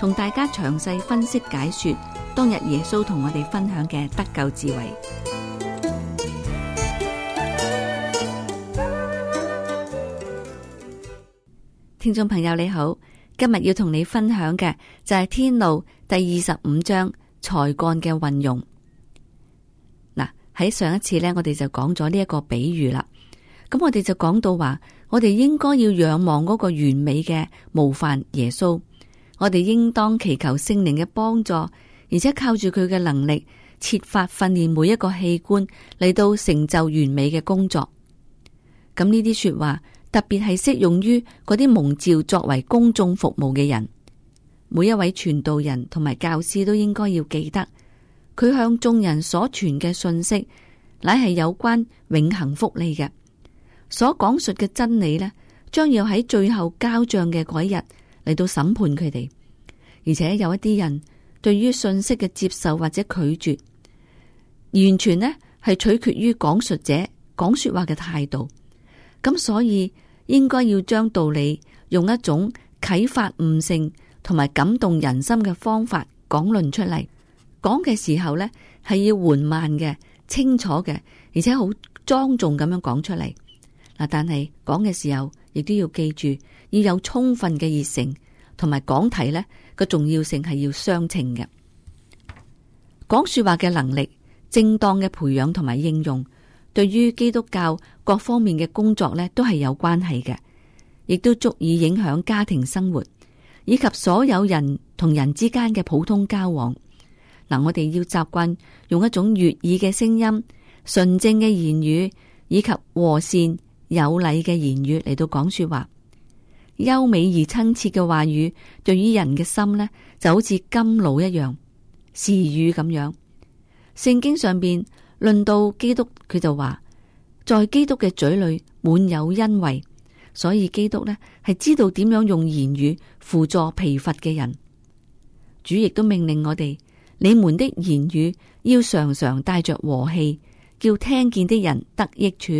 同大家詳細分析解說，當日耶穌同我哋分享嘅得救智慧。聽眾朋友你好，今日要同你分享嘅就係天路第二十五章才幹嘅運用。嗱，喺上一次呢，我哋就講咗呢一個比喻啦。咁我哋就講到話，我哋應該要仰望嗰個完美嘅模範耶穌。我哋應當祈求聖靈嘅幫助，而且靠住佢嘅能力，設法訓練每一個器官嚟到成就完美嘅工作。咁呢啲說話特別係適用於嗰啲蒙召作為公眾服務嘅人。每一位傳道人同埋教師都應該要記得，佢向眾人所傳嘅信息，乃係有關永恆福利嘅。所講述嘅真理呢，將要喺最後交賬嘅嗰一日，嚟到審判佢哋，而且有一啲人對於信息嘅接受或者拒絕，完全呢係取決於講述者講說話嘅態度。咁所以應該要將道理用一種啟發悟性同埋感動人心嘅方法講論出嚟。講嘅時候呢，係要緩慢嘅、清楚嘅，而且好莊重咁樣講出嚟。但係講嘅時候，亦都要記住要有充分嘅熱誠，同埋講題呢個重要性係要相稱嘅。講說話嘅能力，正當嘅培養同埋應用，對於基督教各方面嘅工作呢都係有關係嘅，亦都足以影響家庭生活以及所有人同人之間嘅普通交往。嗱，我哋要習慣用一種悅耳嘅聲音、純正嘅言語以及和善有禮嘅言語嚟到講說話，優美而親切嘅話語，對於人嘅心呢就好似甘露一樣，時雨咁樣。聖經上邊論到基督，佢就話：在基督嘅嘴裏滿有恩惠，所以基督呢係知道點樣用言語輔助疲乏嘅人。主亦都命令我哋：你們的言語要常常帶着和氣，叫聽見的人得益處。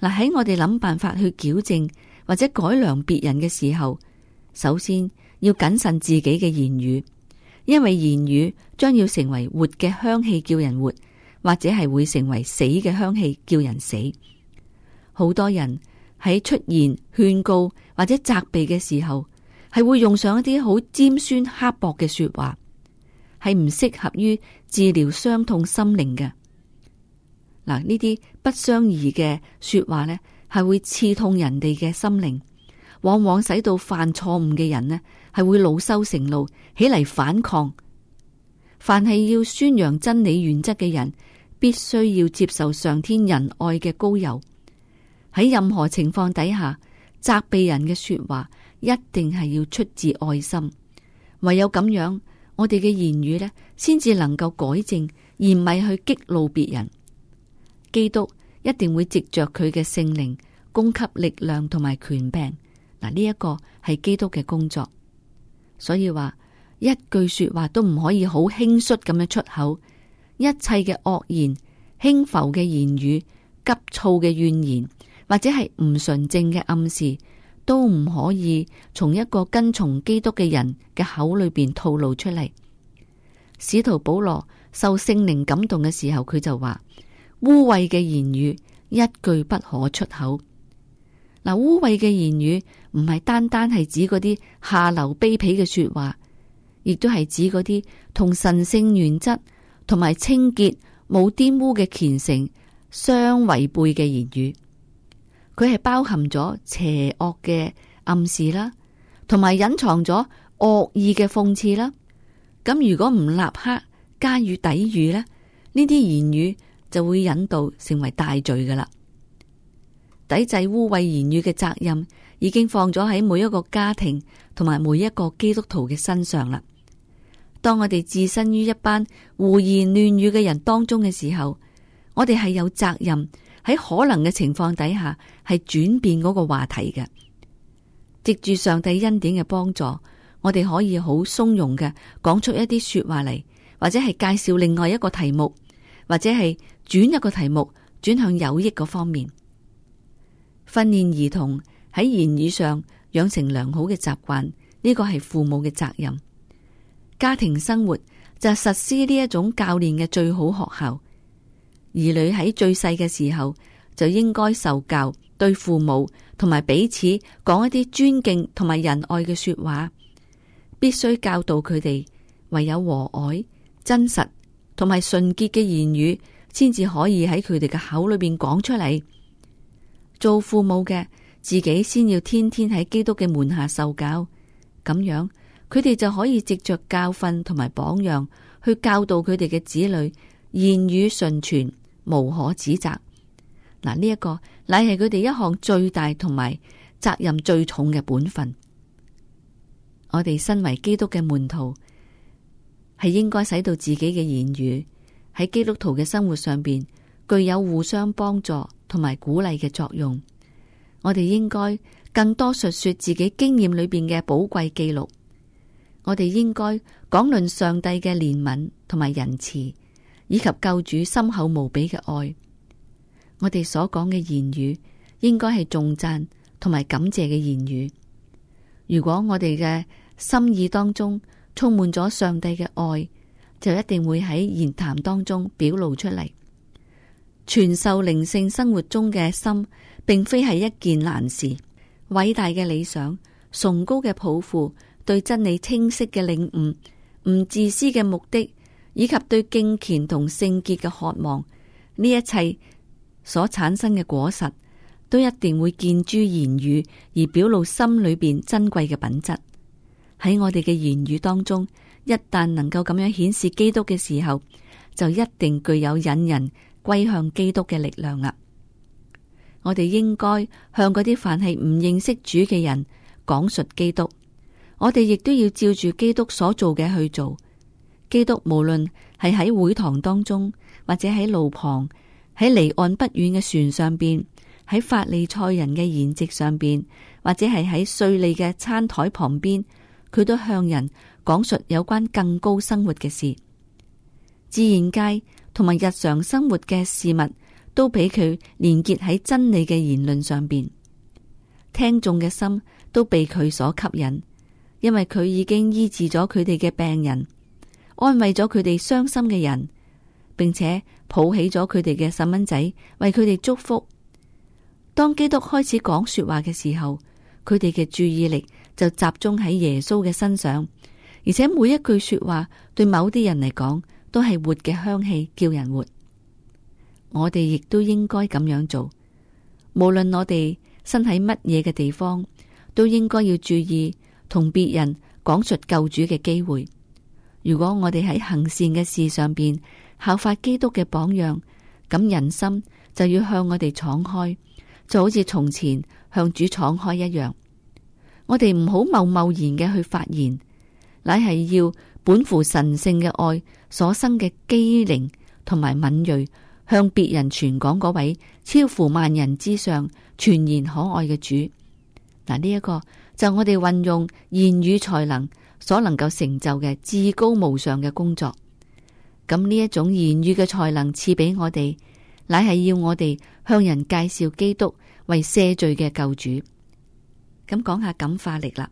嗱，喺我哋諗辦法去矯正或者改良別人嘅時候，首先要謹慎自己嘅言語，因為言語將要成為活嘅香氣叫人活，或者係會成為死嘅香氣叫人死。好多人喺出言勸告或者責備嘅時候，係會用上一啲好尖酸刻薄嘅說話，係唔適合於治療傷痛心靈嘅。嗱，呢啲不相宜嘅說話咧，係會刺痛人哋嘅心靈，往往使到犯錯誤嘅人咧，係會惱羞成怒，起嚟反抗。凡係要宣揚真理原則嘅人，必須要接受上天仁愛嘅高柔，喺任何情況底下責備人嘅說話，一定係要出自愛心，唯有咁樣，我哋嘅言語咧先至能夠改正，而唔係去激怒別人。基督一定會藉着佢嘅聖靈供給力量同埋權柄嗱，呢、這、一個係基督嘅工作，所以話一句說話都唔可以好輕率咁樣出口，一切嘅惡言、輕浮嘅言語、急躁嘅怨言，或者係唔純正嘅暗示，都唔可以從一個跟從基督嘅人嘅口裏邊透露出嚟。使徒保羅受聖靈感動嘅時候，佢就話。污穢嘅言語一句不可出口。嗱，污穢嘅言語唔係單單係指嗰啲下流卑鄙嘅說話，亦都係指嗰啲同神聖原則同埋清潔冇玷污嘅虔誠相違背嘅言語。佢係包含咗邪惡嘅暗示啦，同埋隱藏咗惡意嘅諷刺啦。咁如果唔立刻加以抵禦咧，呢啲言語。就會引導成為大罪噶啦。抵制污穢言語嘅責任已經放咗喺每一個家庭同埋每一個基督徒嘅身上啦。當我哋置身於一班胡言亂語嘅人當中嘅時候，我哋係有責任喺可能嘅情況底下係轉變嗰個話題嘅。藉住上帝恩典嘅幫助，我哋可以好鬆容嘅講出一啲說話嚟，或者係介紹另外一個題目，或者係。轉一個題目，轉向有益個方面訓練兒童喺言語上養成良好嘅習慣。呢個係父母嘅責任。家庭生活就是實施呢一種教練嘅最好學校。兒女喺最細嘅時候就應該受教，對父母同埋彼此講一啲尊敬同埋仁愛嘅說話。必須教導佢哋唯有和藹、真實同埋純潔嘅言語。先至可以喺佢哋嘅口裏邊講出嚟。做父母嘅自己先要天天喺基督嘅門下受教，咁樣佢哋就可以藉着教訓同埋榜樣去教導佢哋嘅子女，言語順傳，無可指責。嗱呢一個乃係佢哋一項最大同埋責任最重嘅本分。我哋身為基督嘅門徒，係應該使到自己嘅言語。喺基督徒嘅生活上邊，具有互相幫助同埋鼓勵嘅作用。我哋應該更多述說自己經驗裏邊嘅寶貴記錄。我哋應該講論上帝嘅憐憫同埋仁慈，以及救主深厚無比嘅愛。我哋所講嘅言語，應該係頌讚同埋感謝嘅言語。如果我哋嘅心意當中充滿咗上帝嘅愛。就一定會喺言談當中表露出嚟。傳授靈性生活中嘅心，並非係一件難事。偉大嘅理想、崇高嘅抱負、對真理清晰嘅領悟、唔自私嘅目的，以及對敬虔同聖潔嘅渴望，呢一切所產生嘅果實，都一定會見諸言語而表露心裏邊珍貴嘅品質。喺我哋嘅言語當中，一旦能夠咁樣顯示基督嘅時候，就一定具有引人歸向基督嘅力量啦。我哋應該向嗰啲凡係唔認識主嘅人講述基督。我哋亦都要照住基督所做嘅去做。基督無論係喺會堂當中，或者喺路旁，喺離岸不遠嘅船上邊，喺法利賽人嘅筵席上邊，或者係喺稅吏嘅餐台旁邊。佢都向人講述有關更高生活嘅事，自然界同埋日常生活嘅事物都俾佢連結喺真理嘅言論上邊，聽眾嘅心都被佢所吸引，因為佢已經醫治咗佢哋嘅病人，安慰咗佢哋傷心嘅人，並且抱起咗佢哋嘅細蚊仔，為佢哋祝福。當基督開始講說話嘅時候，佢哋嘅注意力。就集中喺耶穌嘅身上，而且每一句說話對某啲人嚟講都係活嘅香氣，叫人活。我哋亦都應該咁樣做。無論我哋身喺乜嘢嘅地方，都應該要注意同別人講述救主嘅機會。如果我哋喺行善嘅事上邊效法基督嘅榜樣，咁人心就要向我哋敞開，就好似從前向主敞開一樣。我哋唔好貿貿然嘅去發言，乃係要本乎神聖嘅愛所生嘅機靈同埋敏銳，向別人傳講嗰位超乎萬人之上、全然可愛嘅主。嗱，呢一個就我哋運用言語才能所能夠成就嘅至高無上嘅工作。咁呢一種言語嘅才能賜俾我哋，乃係要我哋向人介紹基督為赦罪嘅救主。咁講下感化力啦，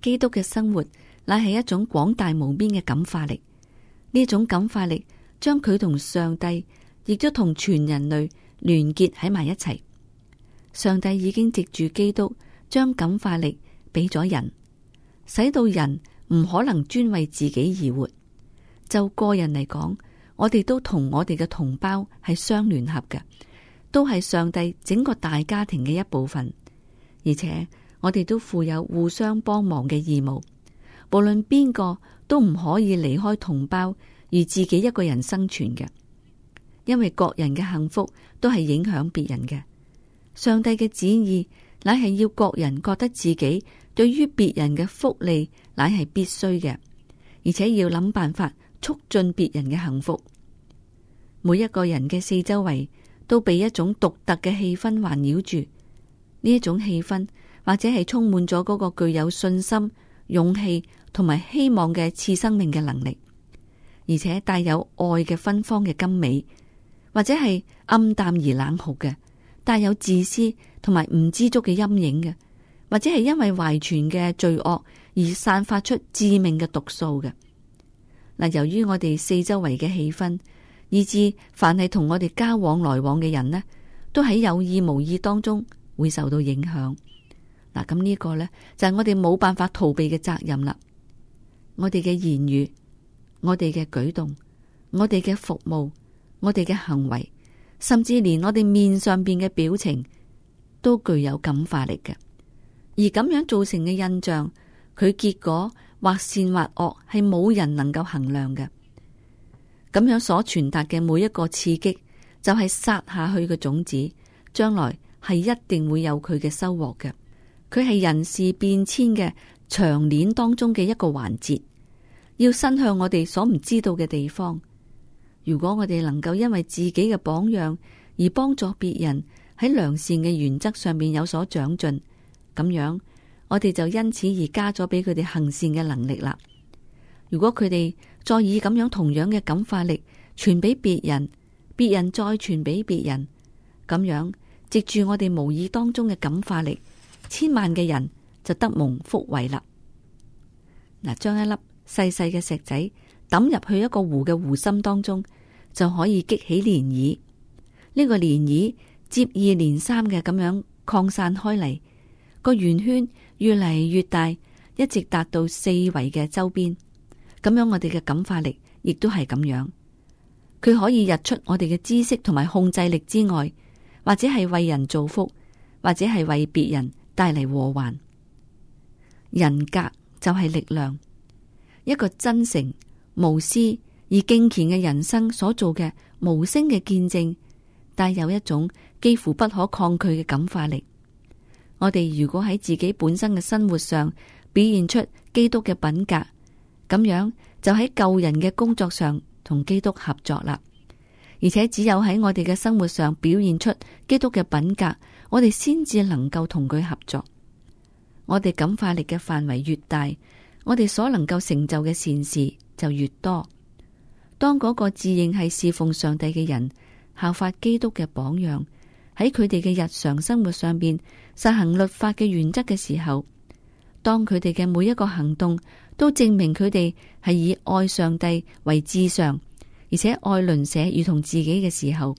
基督嘅生活乃係一種廣大無邊嘅感化力。呢種感化力將佢同上帝，亦都同全人類聯結喺埋一齊。上帝已經藉住基督將感化力俾咗人，使到人唔可能專為自己而活。就個人嚟講，我哋都同我哋嘅同胞係相聯合嘅，都係上帝整個大家庭嘅一部分，而且。我哋都負有互相幫忙嘅義務，無論邊個都唔可以離開同胞而自己一個人生存嘅，因為各人嘅幸福都係影響別人嘅。上帝嘅旨意乃係要各人覺得自己對於別人嘅福利乃係必須嘅，而且要諗辦法促進別人嘅幸福。每一個人嘅四周圍都被一種獨特嘅氣氛環繞住，呢一種氣氛。或者係充滿咗嗰個具有信心、勇氣同埋希望嘅次生命嘅能力，而且帶有愛嘅芬芳嘅甘美，或者係暗淡而冷酷嘅，帶有自私同埋唔知足嘅陰影嘅，或者係因為遺傳嘅罪惡而散發出致命嘅毒素嘅嗱。由於我哋四周圍嘅氣氛，以至凡係同我哋交往來往嘅人呢，都喺有意無意當中會受到影響。嗱，咁呢個呢，就係我哋冇辦法逃避嘅責任啦。我哋嘅言語，我哋嘅舉動，我哋嘅服務，我哋嘅行為，甚至連我哋面上邊嘅表情都具有感化力嘅。而咁樣造成嘅印象，佢結果或善或惡係冇人能夠衡量嘅。咁樣所傳達嘅每一個刺激，就係、是、撒下去嘅種子，將來係一定會有佢嘅收穫嘅。佢係人事變遷嘅長鏈當中嘅一個環節，要伸向我哋所唔知道嘅地方。如果我哋能夠因為自己嘅榜樣而幫助別人喺良善嘅原則上面有所長進，咁樣我哋就因此而加咗俾佢哋行善嘅能力啦。如果佢哋再以咁樣同樣嘅感化力傳俾別人，別人再傳俾別人，咁樣藉住我哋無意當中嘅感化力。千萬嘅人就得蒙福為立嗱，將一粒細細嘅石仔抌入去一個湖嘅湖心當中，就可以激起漣漪。呢個漣漪接二連三嘅咁樣擴散開嚟，個圓圈越嚟越大，一直達到四圍嘅周邊。咁樣我哋嘅感化力亦都係咁樣，佢可以日出我哋嘅知識同埋控制力之外，或者係為人造福，或者係為別人，帶嚟和緩。人格就係力量。一個真誠、無私而敬虔嘅人生所做嘅無聲嘅見證，帶有一種幾乎不可抗拒嘅感化力。我哋如果喺自己本身嘅生活上表現出基督嘅品格，咁樣就喺救人嘅工作上同基督合作啦。而且只有喺我哋嘅生活上表現出基督嘅品格，我哋先至能夠同佢合作。我哋感化力嘅範圍越大，我哋所能夠成就嘅善事就越多。當嗰個自認係侍奉上帝嘅人效法基督嘅榜樣，喺佢哋嘅日常生活上邊實行律法嘅原則嘅時候，當佢哋嘅每一個行動都證明佢哋係以愛上帝為至上，而且愛鄰舍如同自己嘅時候。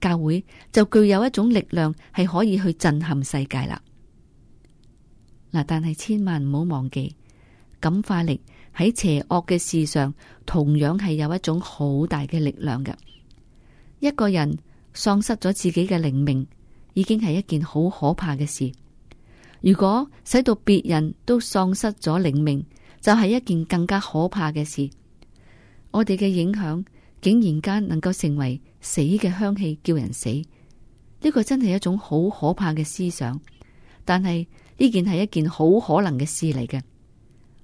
教會就具有一種力量，係可以去震撼世界啦。嗱，但係千萬唔好忘記，感化力喺邪惡嘅事上，同樣係有一種好大嘅力量嘅。一個人喪失咗自己嘅靈命，已經係一件好可怕嘅事。如果使到別人都喪失咗靈命，就係一件更加可怕嘅事。我哋嘅影響竟然間能夠成為死嘅香氣叫人死，呢個真係一種好可怕嘅思想。但係呢件係一件好可能嘅事嚟嘅，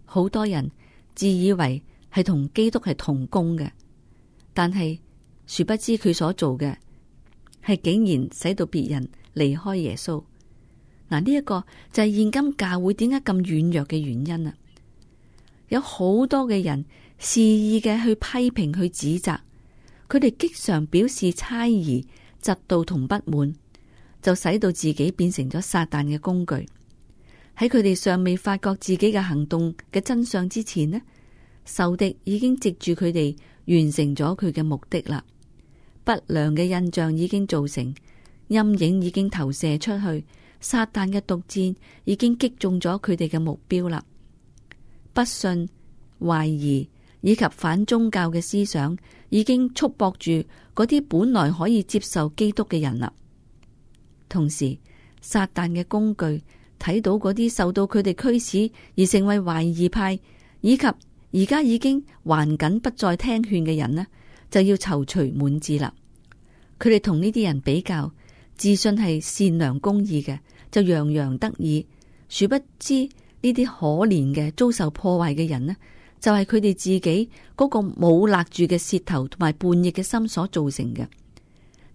好多人自以為係同基督係同工嘅，但係殊不知佢所做嘅係竟然使到別人離開耶穌。嗱，呢一個就係現今教會點解咁軟弱嘅原因啊！有好多嘅人肆意嘅去批評去指責。佢哋經常表示猜疑、嫉妒同不滿，就使到自己變成咗撒旦嘅工具。喺佢哋尚未發覺自己嘅行動嘅真相之前呢，仇敵已經藉住佢哋完成咗佢嘅目的啦。不良嘅印象已經造成，陰影已經投射出去，撒旦嘅毒箭已經擊中咗佢哋嘅目標啦。不信、懷疑。以及反宗教嘅思想已經束縛住嗰啲本來可以接受基督嘅人啦。同時，撒旦嘅工具睇到嗰啲受到佢哋驅使而成為懷疑派，以及而家已經還緊不再聽勸嘅人呢，就要躊躇滿志啦。佢哋同呢啲人比較，自信係善良公義嘅，就洋洋得意，殊不知呢啲可憐嘅遭受破壞嘅人呢，就係佢哋自己嗰個冇勒住嘅舌頭同埋叛逆嘅心所造成嘅，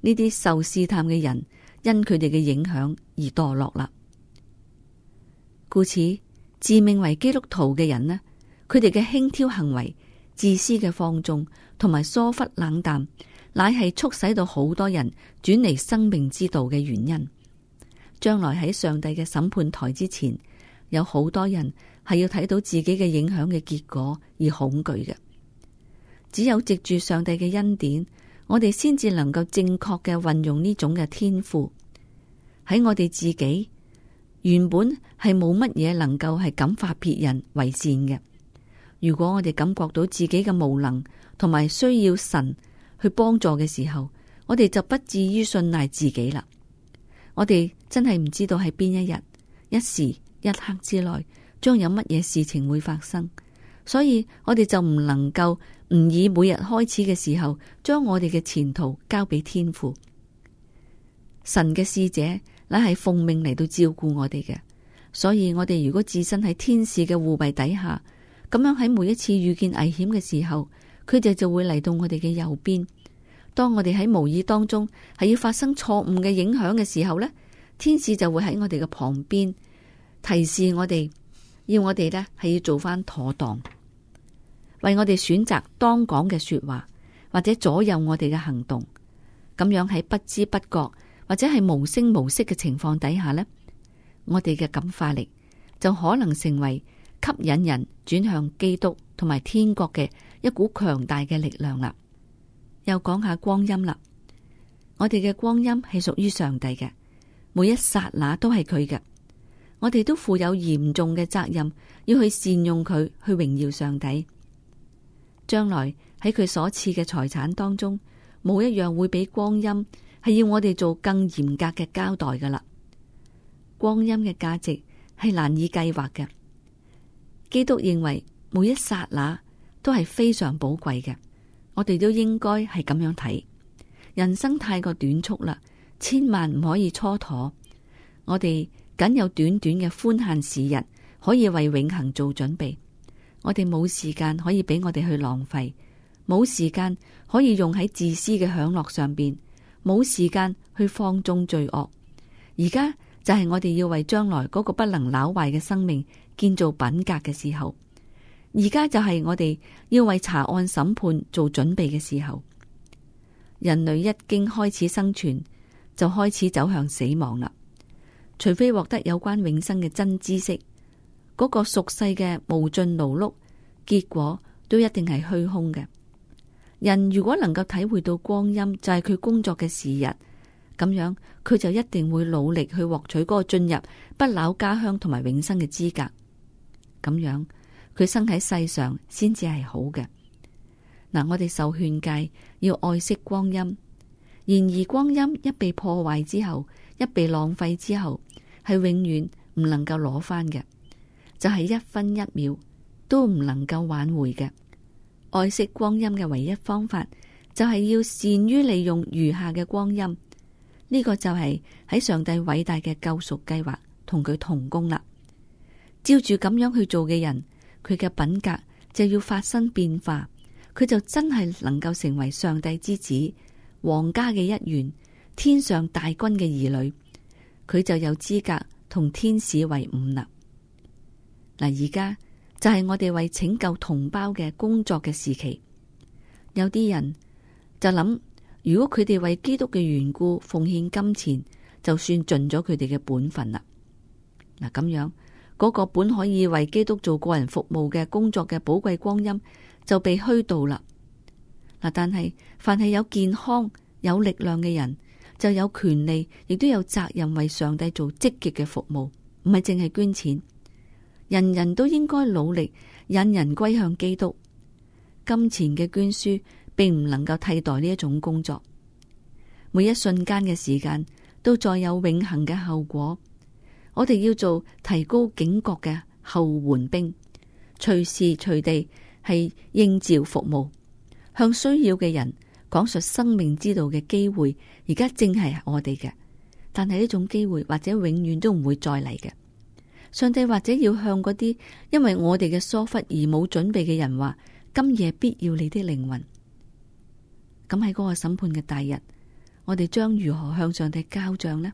呢啲受試探嘅人因佢哋嘅影響而墮落啦。故此，自命為基督徒嘅人呢，佢哋嘅輕佻行為、自私嘅放縱同埋疏忽冷淡，乃係促使到好多人轉離生命之道嘅原因。將來喺上帝嘅審判台之前，有好多人。係要睇到自己嘅影響嘅結果而恐懼嘅。只有藉住上帝嘅恩典，我哋先至能夠正確嘅運用呢種嘅天賦。喺我哋自己，原本係冇乜嘢能夠係感化別人為善嘅。如果我哋感覺到自己嘅無能，同埋需要神去幫助嘅時候，我哋就不至於信賴自己啦。我哋真係唔知道喺邊一日，一時、一刻之內，將有乜嘢事情會發生，所以我哋就唔能夠唔以每日開始嘅時候，將我哋嘅前途交俾天父。神嘅使者乃係奉命嚟到照顧我哋嘅，所以我哋如果置身喺天使嘅護衛底下，咁樣喺每一次遇見危險嘅時候，佢哋就會嚟到我哋嘅右邊。當我哋喺無意當中係要發生錯誤嘅影響嘅時候呢，天使就會喺我哋嘅旁邊提示我哋。要我哋呢，係要做翻妥當，為我哋選擇當講嘅說話，或者左右我哋嘅行動，咁樣喺不知不覺或者係無聲無息嘅情況底下呢，我哋嘅感化力就可能成為吸引人轉向基督同埋天國嘅一股強大嘅力量啦。又講下光陰啦，我哋嘅光陰係屬於上帝嘅，每一剎那都係佢嘅。我哋都負有嚴重嘅責任，要去善用佢去榮耀上帝。將來喺佢所賜嘅財產當中，冇一樣會比光陰係要我哋做更嚴格嘅交代噶啦。光陰嘅價值係難以計劃嘅。基督認為每一剎那都係非常寶貴嘅，我哋都應該係咁樣睇。人生太過短促啦，千萬唔可以蹉跎。我哋。僅有短短嘅寬限時日，可以為永恒做準備。我哋冇時間可以俾我哋去浪費，冇時間可以用喺自私嘅享樂上邊，冇時間去放縱罪惡。而家就係我哋要為將來嗰個不能朽壞嘅生命建造品格嘅時候。而家就係我哋要為查案審判做準備嘅時候。人類一經開始生存，就開始走向死亡啦。除非獲得有關永生嘅真知識，嗰、那個俗世嘅無盡勞碌，結果都一定係虛空嘅。人如果能夠體會到光陰就係佢工作嘅時日，咁樣佢就一定會努力去獲取嗰個進入不朽家鄉同埋永生嘅資格。咁樣佢生喺世上先至係好嘅。嗱，我哋受勸誡要愛惜光陰，然而光陰一被破壞之後，一被浪費之後，係永遠唔能夠攞翻嘅，就係一分一秒都唔能夠挽回嘅。愛惜光陰嘅唯一方法，就係要善於利用餘下嘅光陰。呢個就係喺上帝偉大嘅救贖計劃同佢同工啦。照住咁樣去做嘅人，佢嘅品格就要發生變化，佢就真係能夠成為上帝之子，皇家嘅一員。天上大軍嘅兒女，佢就有資格同天使為伍啦。嗱，而家就係我哋為拯救同胞嘅工作嘅時期。有啲人就諗，如果佢哋為基督嘅緣故奉獻金錢，就算盡咗佢哋嘅本分啦。嗱，咁樣嗰個本可以為基督做個人服務嘅工作嘅寶貴光陰，就被虛度啦。嗱，但係凡係有健康、有力量嘅人，就有權利，亦都有責任為上帝做積極嘅服務，唔係淨係捐錢。人人都應該努力引人歸向基督。金錢嘅捐輸並唔能夠替代呢一種工作。每一瞬間嘅時間都再有永恆嘅後果。我哋要做提高警覺嘅後援兵，隨時隨地係應召服務，向需要嘅人。講述生命之道嘅機會，而家正係我哋嘅，但係呢種機會或者永遠都唔會再嚟嘅。上帝或者要向嗰啲因為我哋嘅疏忽而冇準備嘅人話：今夜必要你的靈魂。咁喺嗰個審判嘅第日，我哋將如何向上帝交賬呢？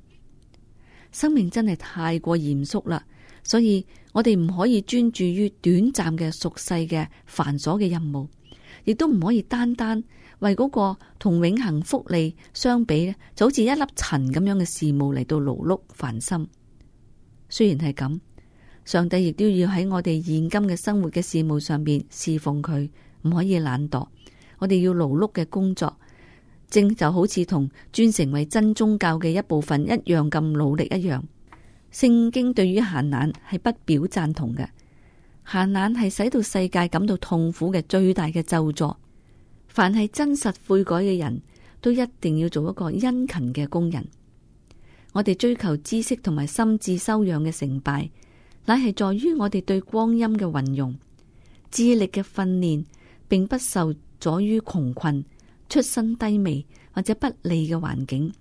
生命真係太過嚴肅啦，所以我哋唔可以專注於短暫嘅俗世嘅繁瑣嘅任務。亦都唔可以單單為嗰個同永恒福利相比咧，就好似一粒塵咁樣嘅事物嚟到勞碌煩心。雖然係咁，上帝亦都要喺我哋現今嘅生活嘅事物上邊侍奉佢，唔可以懶惰。我哋要勞碌嘅工作，正就好似同專成為真宗教嘅一部分一樣咁努力一樣。聖經對於閒懶係不表贊同嘅。閒懶係使到世界感到痛苦嘅最大嘅咒作。凡係真實悔改嘅人都一定要做一個殷勤嘅工人。我哋追求知識同埋心智修養嘅成敗，乃係在於我哋對光陰嘅運用、智力嘅訓練，並不受阻於窮困、出身低微或者不利嘅環境。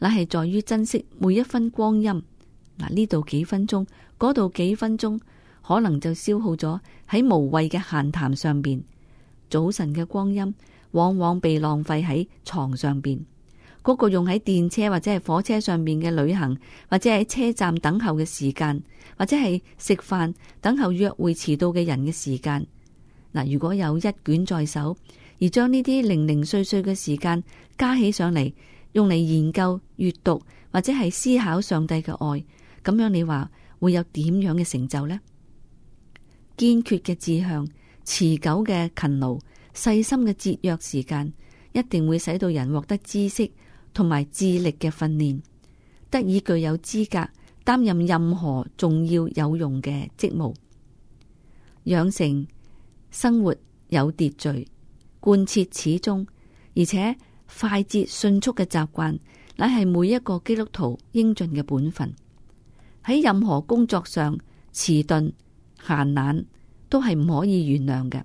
乃係在於珍惜每一分光陰。嗱，呢度幾分鐘，嗰度幾分鐘可能就消耗咗喺無謂嘅閒談上邊。早晨嘅光陰往往被浪費喺床上邊，嗰個用喺電車或者係火車上面嘅旅行，或者係車站等候嘅時間，或者係食飯等候約會遲到嘅人嘅時間嗱，如果有一卷在手，而將呢啲零零碎碎嘅時間加起上嚟，用嚟研究、閱讀或者係思考上帝嘅愛，咁樣你話會有點樣嘅成就呢？堅決嘅志向、持久嘅勤勞、細心嘅節約時間，一定會使到人獲得知識同埋智力嘅訓練，得以具有資格擔任任何重要有用嘅職務。養成生活有秩序、貫徹始終而且快捷迅速嘅習慣，乃係每一個基督徒應盡嘅本分。喺任何工作上，遲鈍、閒懶都係唔可以原諒嘅。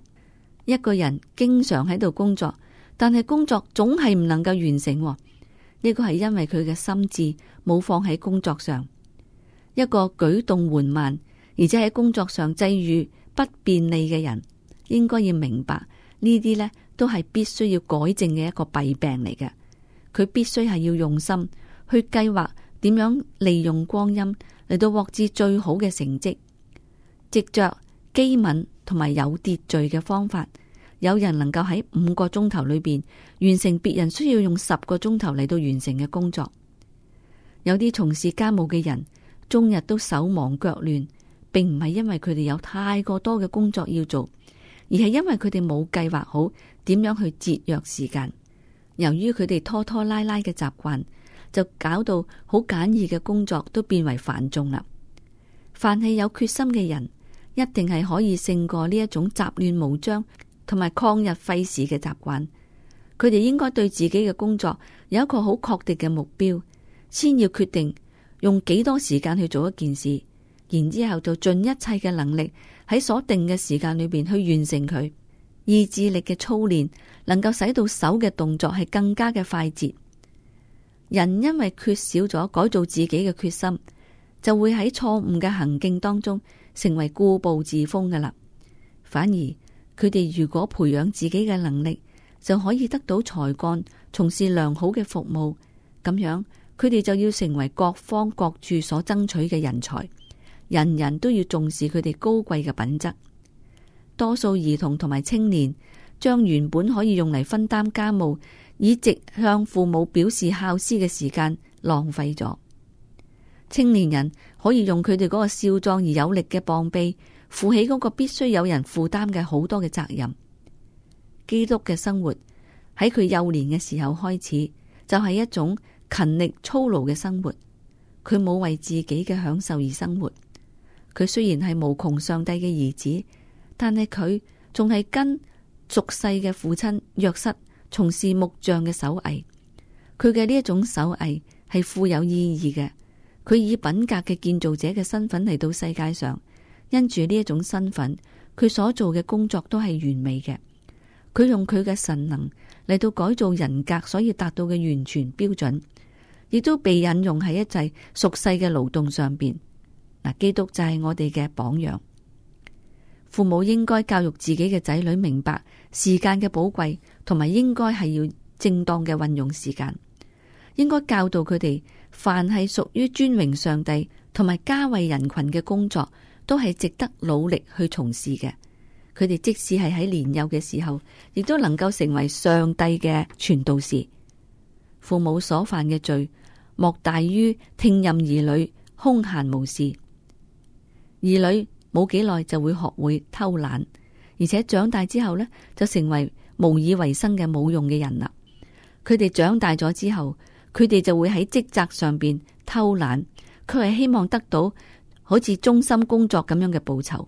一個人經常喺度工作，但係工作總係唔能夠完成，哦，呢個係因為佢嘅心智冇放喺工作上。一個舉動緩慢，而且喺工作上際遇不便利嘅人，應該要明白呢啲呢都係必須要改正嘅一個弊病嚟嘅。佢必須係要用心去計劃點樣利用光陰嚟到獲至最好嘅成績。藉着機敏同埋有秩序嘅方法，有人能夠喺五個鐘頭裏邊完成別人需要用十個鐘頭嚟到完成嘅工作。有啲從事家務嘅人，終日都手忙腳亂，並唔係因為佢哋有太過多嘅工作要做，而係因為佢哋冇計劃好點樣去節約時間。由於佢哋拖拖拉拉嘅習慣，就搞到好簡易嘅工作都變為繁重啦。凡係有決心嘅人。一定係可以勝過呢一種雜亂無章同埋曠日廢事嘅習慣。佢哋應該對自己嘅工作有一個好確定嘅目標，先要決定用幾多時間去做一件事，然之後就盡一切嘅能力喺所定嘅時間裏邊去完成佢。意志力嘅操練能夠使到手嘅動作係更加嘅快捷。人因為缺少咗改造自己嘅決心，就會喺錯誤嘅行徑當中。成為固步自封嘅啦，反而佢哋如果培養自己嘅能力，就可以得到才幹，從事良好嘅服務。咁樣佢哋就要成為各方各處所爭取嘅人才，人人都要重視佢哋高貴嘅品質。多數兒童同埋青年，將原本可以用嚟分擔家務，以直向父母表示孝思嘅時間浪費咗。青年人。可以用佢哋嗰個少壯而有力嘅膀臂，負起嗰個必須有人負擔嘅好多嘅責任。基督嘅生活喺佢幼年嘅時候開始，就係、是、一種勤力操勞嘅生活。佢冇為自己嘅享受而生活。佢雖然係無窮上帝嘅兒子，但係佢仲係跟俗世嘅父親約瑟從事木匠嘅手藝。佢嘅呢一種手藝係富有意義嘅。佢以品格嘅建造者嘅身份嚟到世界上，因住呢一種身份，佢所做嘅工作都係完美嘅。佢用佢嘅神能嚟到改造人格，所以達到嘅完全標準，亦都被引用喺一切俗世嘅勞動上邊。嗱，基督就係我哋嘅榜樣。父母應該教育自己嘅仔女明白時間嘅寶貴，同埋應該係要正當嘅運用時間，應該教導佢哋。凡係屬於尊榮上帝同埋嘉惠人群嘅工作，都係值得努力去從事嘅。佢哋即使係喺年幼嘅時候，亦都能夠成為上帝嘅傳道士。父母所犯嘅罪，莫大於聽任兒女空閒無事。兒女冇幾耐就會學會偷懶，而且長大之後呢，就成為無以為生嘅冇用嘅人啦。佢哋長大咗之後。佢哋就會喺職責上邊偷懶，佢係希望得到好似忠心工作咁樣嘅報酬。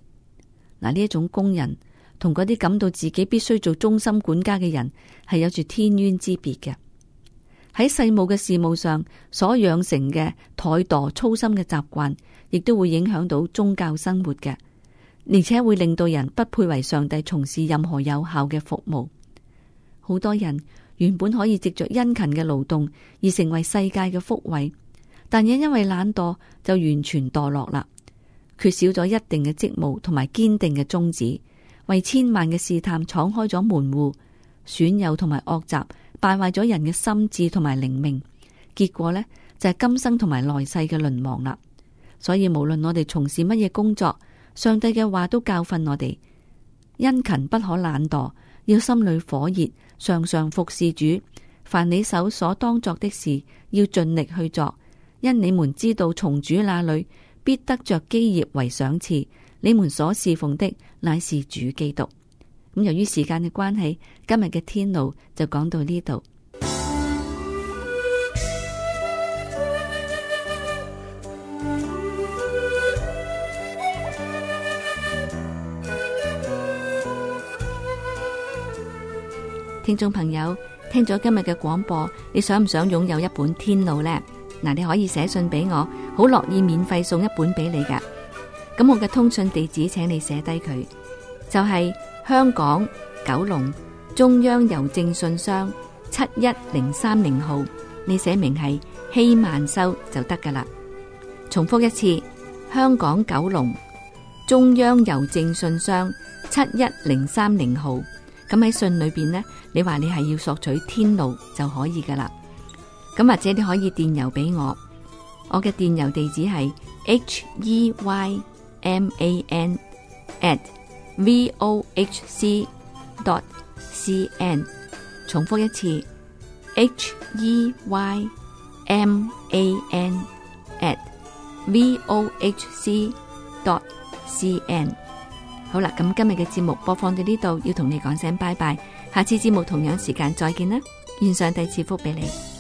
嗱、啊，呢一種工人同嗰啲感到自己必須做忠心管家嘅人係有住天淵之別嘅。喺世務嘅事務上所養成嘅怠惰粗心嘅習慣，亦都會影響到宗教生活嘅，而且會令到人不配為上帝從事任何有效嘅服務。好多人。原本可以藉着殷勤嘅勞動而成為世界嘅福惠，但也因，因為懶惰就完全墮落啦，缺少咗一定嘅職務同埋堅定嘅宗旨，為千萬嘅試探敞開咗門戶，損友同埋惡習敗壞咗人嘅心智同埋靈命，結果呢，就係今生同埋來世嘅淪亡啦。所以無論我哋從事乜嘢工作，上帝嘅話都教訓我哋，殷勤不可懶惰，要心裏火熱。常常服侍主，凡你手所當作的事，要盡力去做。因你們知道從主那裏必得着基業為賞賜。你們所侍奉的乃是主基督。咁、嗯、由於時間嘅關係，今日嘅天路就講到呢度。聽眾朋友，聽咗今日嘅廣播，你想唔想擁有一本天路呢？嗱，你可以寫信俾我，好樂意免費送一本俾你噶。咁我嘅通訊地址，請你寫低佢，就係香港九龍中央郵政信箱七一零三零號，你寫明係希曼修就得噶啦。重複一次，香港九龍中央郵政信箱七一零三零號。咁喺信裏邊咧，你話你係要索取天路就可以噶啦。咁或者你可以電郵俾我，我嘅電郵地址係 h e y m a n at v o h c dot c n。C c n，重複一次 h e y m a n at v o h c dot c n。好啦，咁今日嘅節目播放到呢度，要同你講聲拜拜，下次節目同樣時間再見啦，願上帝賜福俾你。